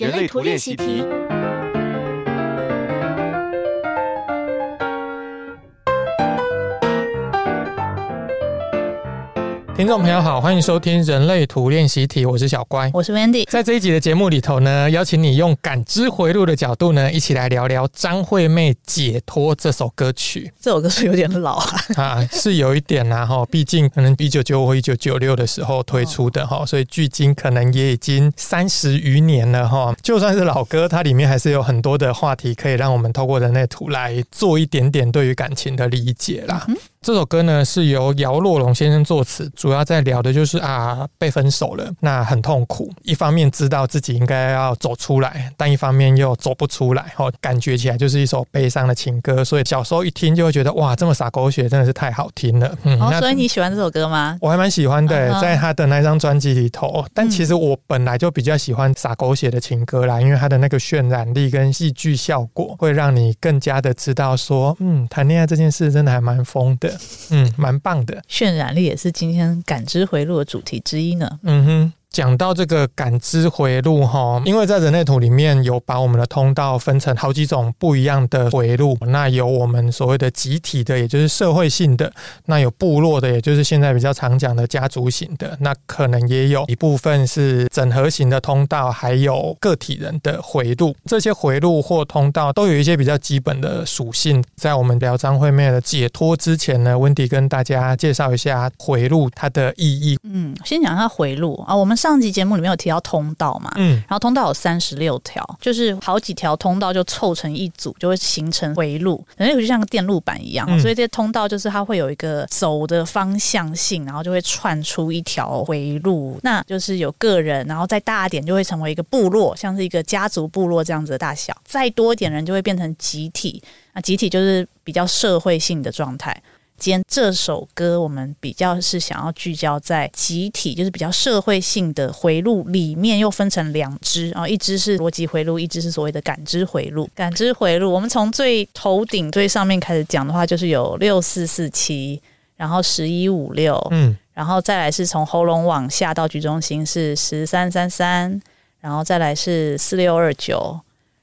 人類圖練習題。聽眾朋友好，歡迎收聽《人類圖練習題》，我是小乖，我是 Wendy。在這一集的節目裡頭呢，邀請你用感知迴路的角度呢，一起來聊聊張惠妹《解脫》這首歌曲。這首歌是有點老啊，啊，是有一點啦、啊。哈，畢竟可能一九九五或一九九六的時候推出的哈、哦，所以距今可能也已經三十餘年了哈。就算是老歌，它裡面還是有很多的話題可以讓我們透過人類圖來做一點點對於感情的理解啦。嗯這首歌呢是由姚若龍先生作詞，主要在聊的就是啊被分手了，那很痛苦。一方面知道自己應該要走出來，但一方面又走不出來，哦，感覺起來就是一首悲傷的情歌。所以小時候一聽就會覺得哇，這麼灑狗血，真的是太好聽了。嗯、哦，所以你喜歡這首歌嗎？我還蠻喜歡的，在他的那張專輯裡頭。但其實我本來就比較喜歡灑狗血的情歌啦，嗯、因為他的那個渲染力跟戲劇效果，會讓你更加的知道說，嗯，談戀愛這件事真的還蠻瘋的。嗯，蠻棒的。渲染力也是今天感知迴路的主題之一呢。嗯哼。講到這個感知回路哈，因為在人類圖裡面有把我們的通道分成好幾種不一樣的回路，那有我們所謂的集體的，也就是社會性的；那有部落的，也就是現在比較常講的家族型的；那可能也有一部分是整合型的通道，還有個體人的回路。這些回路或通道都有一些比較基本的屬性。在我們聊張惠妹的解脫之前呢，溫迪跟大家介紹一下回路它的意義。嗯，先講它回路啊，我們。上集節目裡面有提到通道嘛，嗯，然後通道有三十六條，就是好幾條通道就湊成一組，就會形成迴路，等於就像個電路板一樣，嗯，所以這些通道就是它會有一個走的方向性，然後就會串出一條迴路。那就是有個人，然後再大一點就會成為一個部落，像是一個家族部落這樣子的大小，再多一點人就會變成集體，那集體就是比較社會性的狀態。間這首歌，我們比較是想要聚焦在集體，就是比較社會性的迴路裡面，又分成兩支啊，然後一支是邏輯迴路，一支是所謂的感知迴路。感知迴路，我們從最頭頂最上面開始講的話，就是有六四四七，然後十一五六，嗯，然後再來是從喉嚨往下到局中心是十三三三，然後再來是四六二九，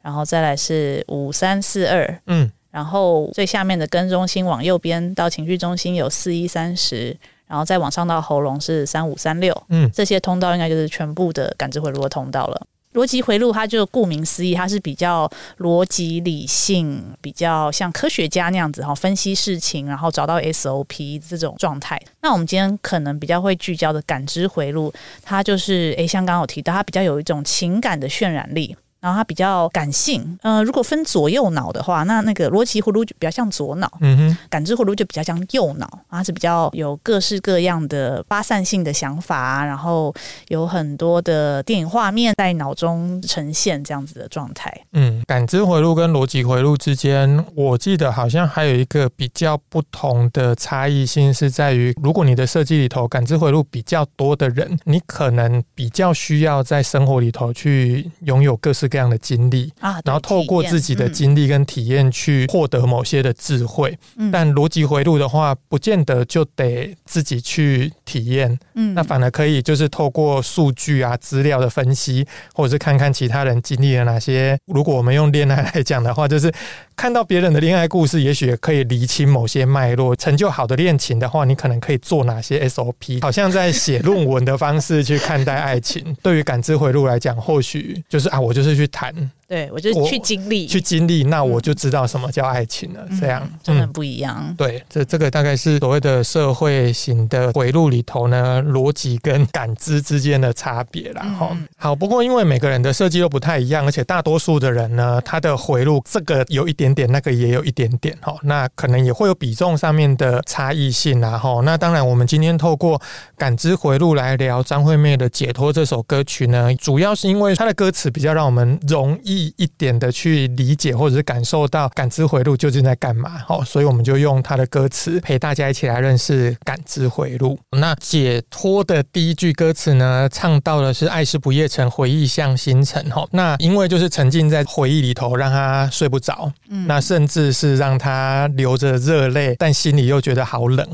然後再來是五三四二，嗯。然後最下面的根中心往右邊到情緒中心有四一三十，然後再往上到喉嚨是三五三六，嗯，這些通道應該就是全部的感知回路的通道了。邏輯回路它就顧名思義，它是比較邏輯理性，比較像科學家那樣子哈，分析事情，然後找到 SOP 這種狀態。那我們今天可能比較會聚焦的感知回路，它就是誒，像剛剛我提到它比較有一種情感的渲染力。然後他比較感性，呃，如果分左右腦的話，那那個邏輯迴路就比較像左腦，嗯哼，感知迴路就比較像右腦，啊，是比較有各式各樣的發散性的想法，然後有很多的電影畫面在腦中呈現這樣子的狀態。嗯，感知迴路跟邏輯迴路之間，我記得好像還有一個比較不同的差異性是在於，如果你的設計裡頭感知迴路比較多的人，你可能比較需要在生活裡頭去擁有各式各樣的經歷啊，然後透過自己的經歷跟體驗去獲得某些的智慧。嗯，但邏輯回路的話，不見得就得自己去體驗。嗯，那反而可以就是透過數據啊、資料的分析，或者是看看其他人經歷了哪些。如果我們用戀愛來講的話，就是看到別人的戀愛故事，也許也可以理清某些脈絡。成就好的戀情的話，你可能可以做哪些 SOP？好像在寫論文的方式去看待愛情。 對於感知回路來講，或許就是啊，我就是。去談。對，我就去經歷，去經歷，那我就知道什麼叫愛情了。嗯、這樣、嗯、真的不一樣。對，這這個大概是所謂的社會型的回路裡頭呢，邏輯跟感知之間的差別啦。哈、嗯。好，不過因為每個人的設計又不太一樣，而且大多數的人呢，他的回路這個有一點點，那個也有一點點哈。那可能也會有比重上面的差異性啦。哈。那當然，我們今天透過感知回路來聊張惠妹的《解脫》這首歌曲呢，主要是因為她的歌詞比較讓我們容易。一點的去理解或者是感受到感知迴路究竟在幹嘛？哦，所以我們就用他的歌詞陪大家一起來認識感知迴路。那解脫的第一句歌詞呢，唱到的是“愛是不夜城，回憶像星辰”。哦，那因為就是沉浸在回憶裡頭，讓他睡不着。嗯，那甚至是讓他流着熱淚，但心裡又覺得好冷。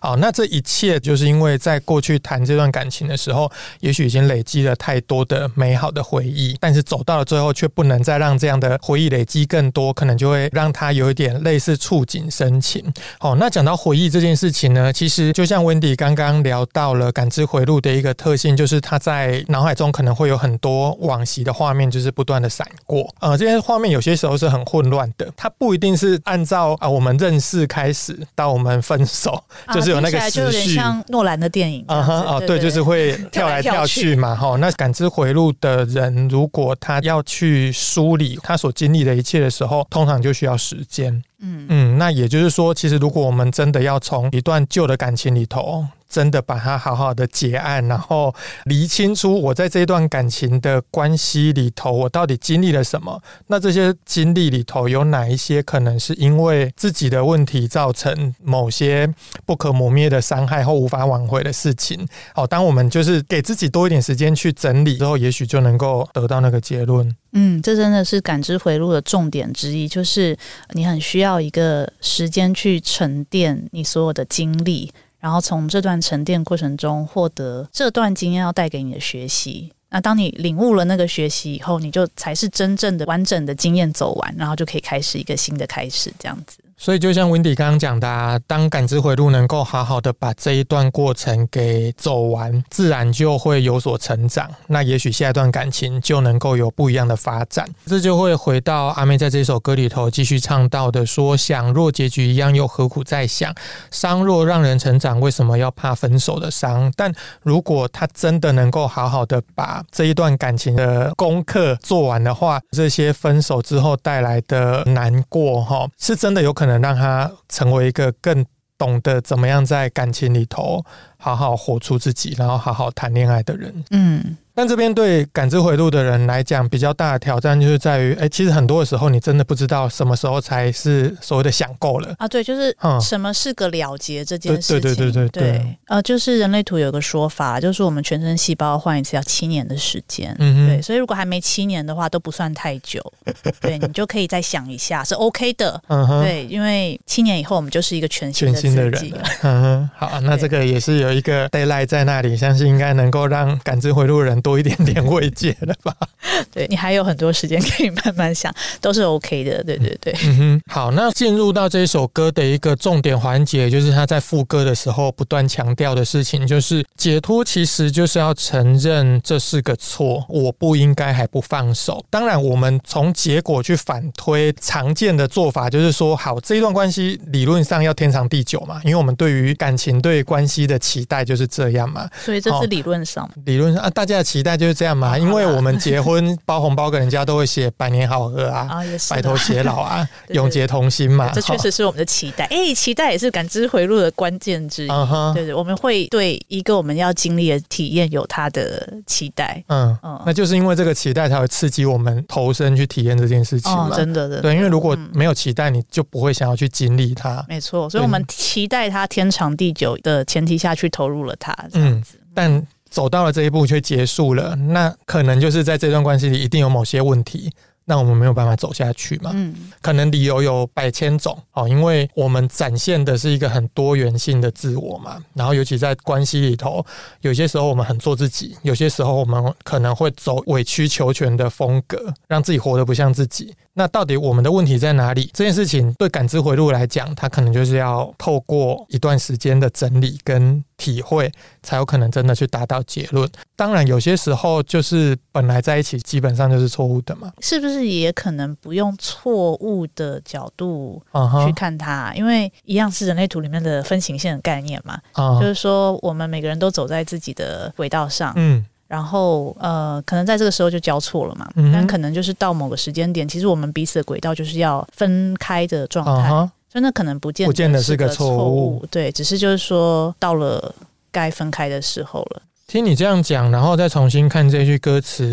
哦，那這一切就是因為在過去談這段感情的時候，也許已經累積了太多的美好的回憶，但是走到了最後卻不能。可能再讓這樣的回憶累積更多，可能就會讓他有一點類似觸景生情。哦，那講到回憶這件事情呢，其實就像 Wendy 剛剛聊到了感知迴路的一個特性，就是他在腦海中可能會有很多往昔的畫面，就是不斷的閃過。呃，這些畫面有些時候是很混亂的，它不一定是按照啊我們認識開始到我們分手，就是有那個時序、啊、就是像諾蘭的電影啊哦，啊對，對，對，就是會跳來跳去嘛。哈、哦，那感知迴路的人，如果他要去。梳理他所經歷的一切的時候，通常就需要時間。嗯嗯，那也就是說，其實如果我們真的要從一段舊的感情裡頭。真的把它好好的結案，然後釐清楚我在這段感情的關係裡頭，我到底經歷了什麼？那這些經歷裡頭，有哪一些可能是因為自己的問題造成某些不可磨滅的傷害或無法挽回的事情？好，當我們就是給自己多一點時間去整理之後，也許就能夠得到那個結論。嗯，這真的是感知迴路的重點之一，就是你很需要一個時間去沉澱你所有的經歷。然後從這段沉澱過程中獲得這段經驗要帶給你的學習，那當你領悟了那個學習以後，你就才是真正的完整的經驗走完，然後就可以開始一個新的開始，這樣子。所以，就像 Windy 剛剛講的、啊，當感知迴路能夠好好的把這一段過程給走完，自然就會有所成長。那也許下一段感情就能夠有不一樣的發展。這就會回到阿妹在這首歌裡頭繼續唱到的，說：“想若結局一樣，又何苦再想？傷若讓人成長，為什麼要怕分手的傷？但如果他真的能夠好好的把這一段感情的功課做完的話，這些分手之後帶來的難過，哈，是真的有可能。”能讓他成為一個更懂得怎麼樣在感情裡頭好好活出自己，然後好好談戀愛的人。嗯。但這邊對感知迴路的人來講，比較大的挑戰就是在於，哎、欸，其實很多的時候，你真的不知道什麼時候才是所謂的想夠了啊。對，就是什麼是個了結這件事情。嗯、對對對對對，對呃，就是人類圖有個說法，就是我們全身細胞換一次要七年的時間。嗯哼。對，所以如果還沒七年的話，都不算太久。嗯。對，你就可以再想一下，是 OK 的。嗯哼。對，因為七年以後，我們就是一個全新的，全新的人。嗯哼。好、啊，那這個也是有一個 daylight 在那裡，相信應該能夠讓感知迴路的人。多一點點慰藉了吧。 對，你還有很多時間可以慢慢想，都是 OK 的。對對對，嗯，嗯哼。好，那進入到這一首歌的一個重點環節，就是他在副歌的時候不斷強調的事情，就是解脫其實就是要承認這是個錯，我不應該還不放手。當然，我們從結果去反推，常見的做法就是說，好，這一段關係理論上要天長地久嘛，因為我們對於感情對關係的期待就是這樣嘛，所以這是理論上，哦、理論上啊，大家的期待就是這樣嘛，因為我們結婚。 包紅包給人家都會寫百年好合啊，白、oh, 頭、yes, 偕老啊 對對對，永結同心嘛。這確實是我們的期待。哎、 欸，期待也是感知迴路的關鍵之一。Uh-huh. 對對，我們會對一個我們要經歷的體驗有它的期待。嗯嗯，那就是因為這個期待，才會刺激我們投身去體驗這件事情嘛、oh, 真。真的的，對，因為如果沒有期待、嗯，你就不會想要去經歷它。沒錯，所以我們期待它天長地久的前提下去投入了它。嗯，但。走到了這一步卻結束了，那可能就是在這段關係裡一定有某些問題。那我們沒有辦法走下去嘛？嗯，可能理由有百千種哦，因為我們展現的是一個很多元性的自我嘛。然後，尤其在關係裡頭，有些時候我們很做自己，有些時候我們可能會走委曲求全的風格，讓自己活得不像自己。那到底我們的問題在哪裡？這件事情對感知迴路來講，它可能就是要透過一段時間的整理跟體會，才有可能真的去達到結論。當然，有些時候就是本來在一起，基本上就是錯誤的嘛，是不是？也可能不用錯誤的角度去看它，uh -huh. 因為一樣是人類圖裡面的分形線的概念嘛，uh -huh. 就是說我們每個人都走在自己的軌道上，uh -huh. 然後呃，可能在這個時候就交錯了嘛，uh -huh. 但可能就是到某個時間點，其實我們彼此的軌道就是要分開的狀態，uh -huh. 真的，那可能不見不見得是個錯誤，對，只是就是說到了該分開的時候了。聽你這樣講，然後再重新看這句歌詞，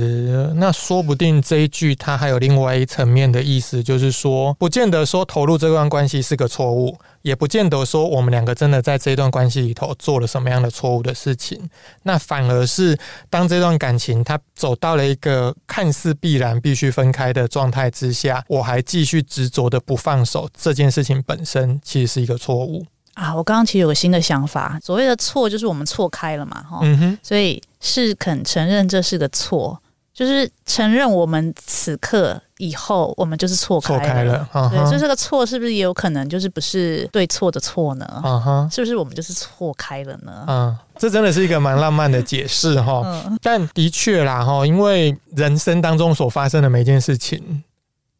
那說不定這一句它還有另外一層面的意思，就是說，不見得說投入這段關係是個錯誤，也不見得說我們兩個真的在這段關係裡頭做了什麼樣的錯誤的事情。那反而是，當這段感情它走到了一個看似必然必須分開的狀態之下，我還繼續執着的不放手，這件事情本身其實是一個錯誤。啊，我剛剛其實有個新的想法，所謂的錯就是我們錯開了嘛，哈、嗯，所以是肯承認這是個錯，就是承認我們此刻以後我們就是錯開了，錯開了啊、哈對，所以這個錯是不是也有可能就是不是對錯的錯呢？啊哈，是不是我們就是錯開了呢？嗯、啊，這真的是一個蠻浪漫的解釋哈、 哦，但的確啦，哈，因為人生當中所發生的每件事情。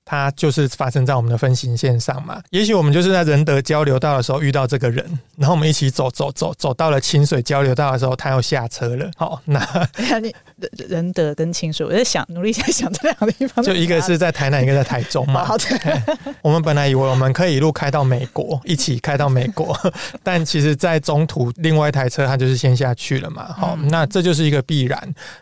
它就是發生在我們的分行線上嘛。也許我們就是在仁德交流道的時候遇到這個人，然後我們一起走走走走，走到了清水交流道的時候，他又下車了。好、哦，那仁仁德跟清水，我在想，努力在想，想這兩個地方，就一個是在台南，一個在台中嘛。 好對 我們本來以為我們可以一路開到美國，一起開到美國，但其實在中途，另外一台車它就是先下去了嘛。好、嗯哦，那這就是一個必然。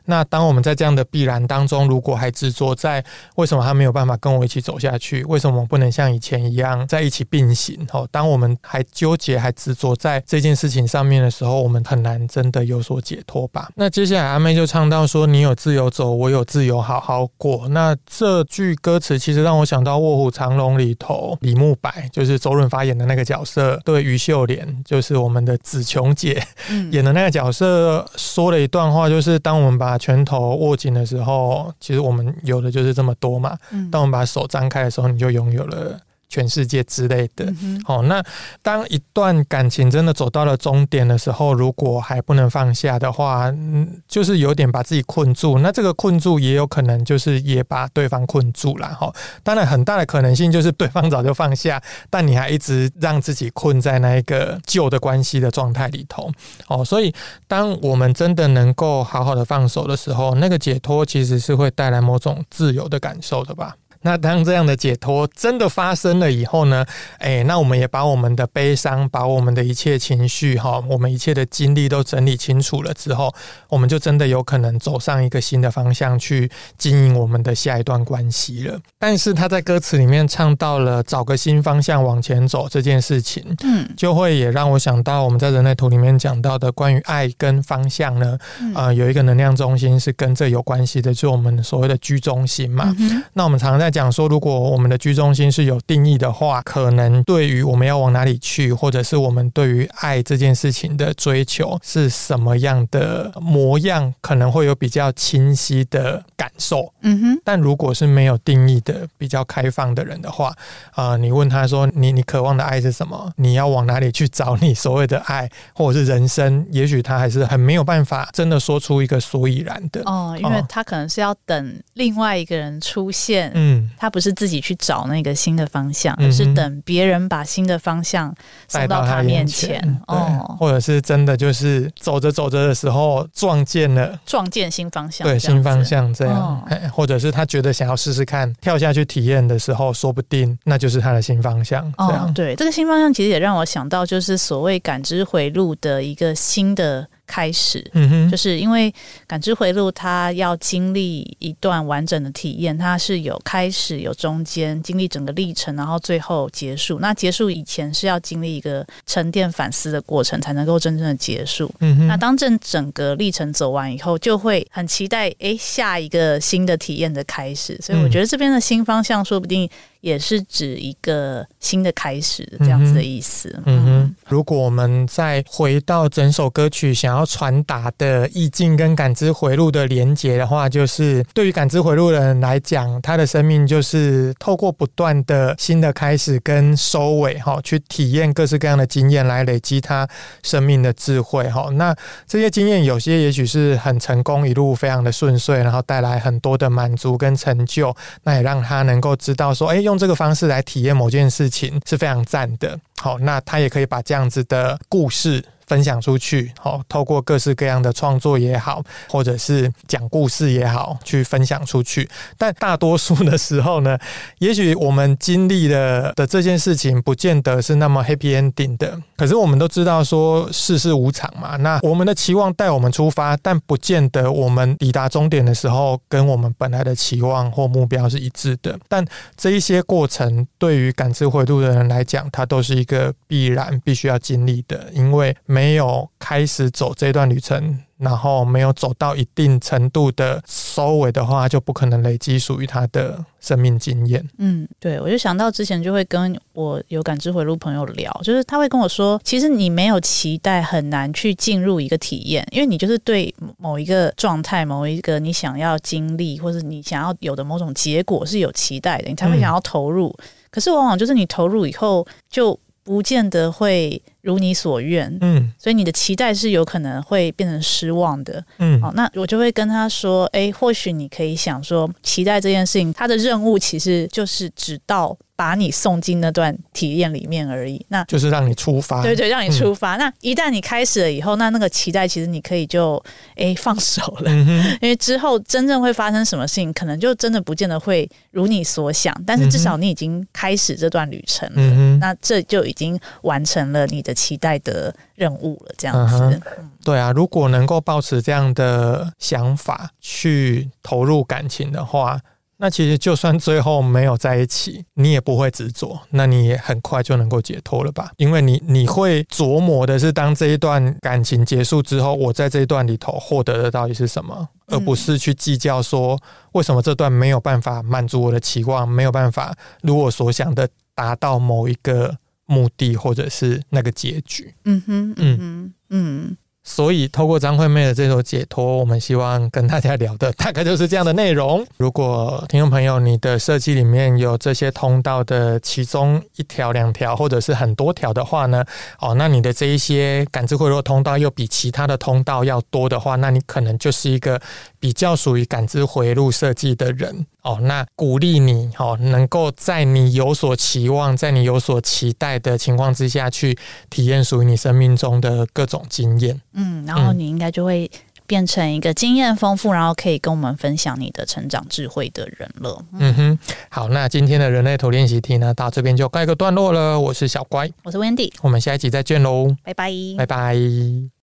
那當我們在這樣的必然當中，如果還執着在為什麼他沒有辦法跟我一起，起走下去，為什麼不能像以前一樣在一起並行？當我們還糾結、還執着在這件事情上面的時候，我們很難真的有所解脫吧？那接下來阿妹就唱到說：“你有自由走，我有自由好好過。”那這句歌詞其實讓我想到《臥虎藏龍》裡頭李慕白，就是周潤發演的那個角色，對於秀蓮，就是我們的紫瓊姐、嗯、演的那個角色，說了一段話，就是：“當我們把拳頭握緊的時候，其實我們有的就是這麼多嘛。當我們把手。”張開的時候，你就擁有了全世界之類的。好、嗯哦，那當一段感情真的走到了終點的時候，如果還不能放下的話、嗯，就是有點把自己困住。那這個困住也有可能就是也把對方困住了。哈、哦，當然，很大的可能性就是對方早就放下，但你還一直讓自己困在那一個舊的關係的狀態裡頭。哦，所以當我們真的能夠好好的放手的時候，那個解脫其實是會帶來某種自由的感受的吧。那當這樣的解脫真的發生了以後呢？哎、欸，那我們也把我們的悲傷，把我們的一切情緒，哈，我們一切的經歷都整理清楚了之後，我們就真的有可能走上一個新的方向，去經營我們的下一段關係了。但是他在歌詞裡面唱到了找個新方向往前走這件事情，嗯，就會也讓我想到我們在人類圖裡面講到的關於愛跟方向呢，啊、呃，有一個能量中心是跟這有關係的，就是我們所謂的 G 中心嘛。那我們常常在。講說，如果我們的 G 中心是有定義的話，可能對於我們要往哪裡去，或者是我們對於愛這件事情的追求是什麼樣的模樣，可能會有比較清晰的感受。嗯哼，但如果是沒有定義的、比較開放的人的話，啊、呃，你問他說你，你你渴望的愛是什麼？你要往哪裡去找你所謂的愛，或者是人生？也許他還是很沒有辦法真的說出一個所以然的。哦，因為他可能是要等另外一個人出現。嗯。他不是自己去找那個新的方向，嗯、而是等別人把新的方向送到他面前、眼前哦，或者是真的就是走着走着的時候撞見了撞見新方向，對新方向這樣，哎、哦，或者是他覺得想要試試看、哦、跳下去體驗的時候，說不定那就是他的新方向。這樣、哦、對這個新方向，其實也讓我想到，就是所謂感知回路的一個新的開始，嗯哼，就是因為感知回路，它要經歷一段完整的體驗，它是有開始，有中間，經歷整個歷程，然後最後結束。那結束以前是要經歷一個沉澱反思的過程，才能夠真正的結束。嗯哼，那當這整個歷程走完以後，就會很期待，誒、欸，下一個新的體驗的開始。所以我覺得這邊的新方向，說不定。也是指一個新的開始這樣子的意思嗯哼。嗯哼，如果我們再回到整首歌曲想要傳達的意境跟感知迴路的連接的話，就是對於感知迴路的人來講，他的生命就是透過不斷的新的開始跟收尾，哈，去體驗各式各樣的經驗，來累積他生命的智慧，哈。那這些經驗有些也許是很成功，一路非常的順遂，然後帶來很多的滿足跟成就，那也讓他能夠知道說，哎、欸，用。用這個方式來體驗某件事情是非常讚的。好，那他也可以把這樣子的故事，分享出去，好，透過各式各樣的創作也好，或者是講故事也好，去分享出去。但大多數的時候呢，也許我們經歷的的這件事情，不見得是那麼 happy ending 的。可是我們都知道說，世事無常嘛。那我們的期望帶我們出發，但不見得我們抵達終點的時候，跟我們本來的期望或目標是一致的。但這一些過程，對於感知迴路的人來講，它都是一個必然必須要經歷的，因為。沒有開始走這段旅程，然後沒有走到一定程度的收尾的話，就不可能累積屬於他的生命經驗。嗯，對，我就想到之前就會跟我有感知迴路朋友聊，就是他會跟我說，其實你沒有期待，很難去進入一個體驗，因為你就是對某一個狀態、某一個你想要經歷或是你想要有的某種結果是有期待的，你才會想要投入。嗯，可是往往就是你投入以後，就不見得會。如你所願，嗯，所以你的期待是有可能會變成失望的。嗯，好，那我就會跟他說，哎、欸，或許你可以想說，期待這件事情，它的任務其實就是只到把你送進那段體驗裡面而已，那就是讓你出發，對對、對，讓你出發、嗯。那一旦你開始了以後，那那個期待其實你可以就哎、欸、放手了、嗯，因為之後真正會發生什麼事情，可能就真的不見得會如你所想，但是至少你已經開始這段旅程了，嗯，那這就已經完成了你的。期待的任務了，這樣子、嗯，對啊。如果能夠抱持這樣的想法去投入感情的話，那其實就算最後沒有在一起，你也不會執着，那你也很快就能夠解脫了吧？因為你你會琢磨的是，當這一段感情結束之後，我在這一段裡頭獲得的到底是什麼，而不是去計較說，為什麼這段沒有辦法滿足我的期望，沒有辦法如我所想的達到某一個。目的或者是那個結局，嗯哼，嗯哼嗯嗯，所以透過張惠妹的這首《解脫》，我們希望跟大家聊的大概就是這樣的內容。 如果聽眾朋友你的設計裡面有這些通道的其中一條、兩條，或者是很多條的話呢？哦，那你的這一些感知迴路通道又比其他的通道要多的話，那你可能就是一個。比較屬於感知迴路設計的人哦，那鼓勵你哦，能夠在你有所期望，在你有所期待的情況之下去體驗屬於你生命中的各種經驗。嗯，然後你應該就會變成一個經驗豐富、嗯，然後可以跟我們分享你的成長智慧的人了。嗯哼，好，那今天的人類圖戀習題呢，到這邊就告一個段落了。我是小乖，我是 Wendy，我們下一集再見嘍，拜拜，拜拜。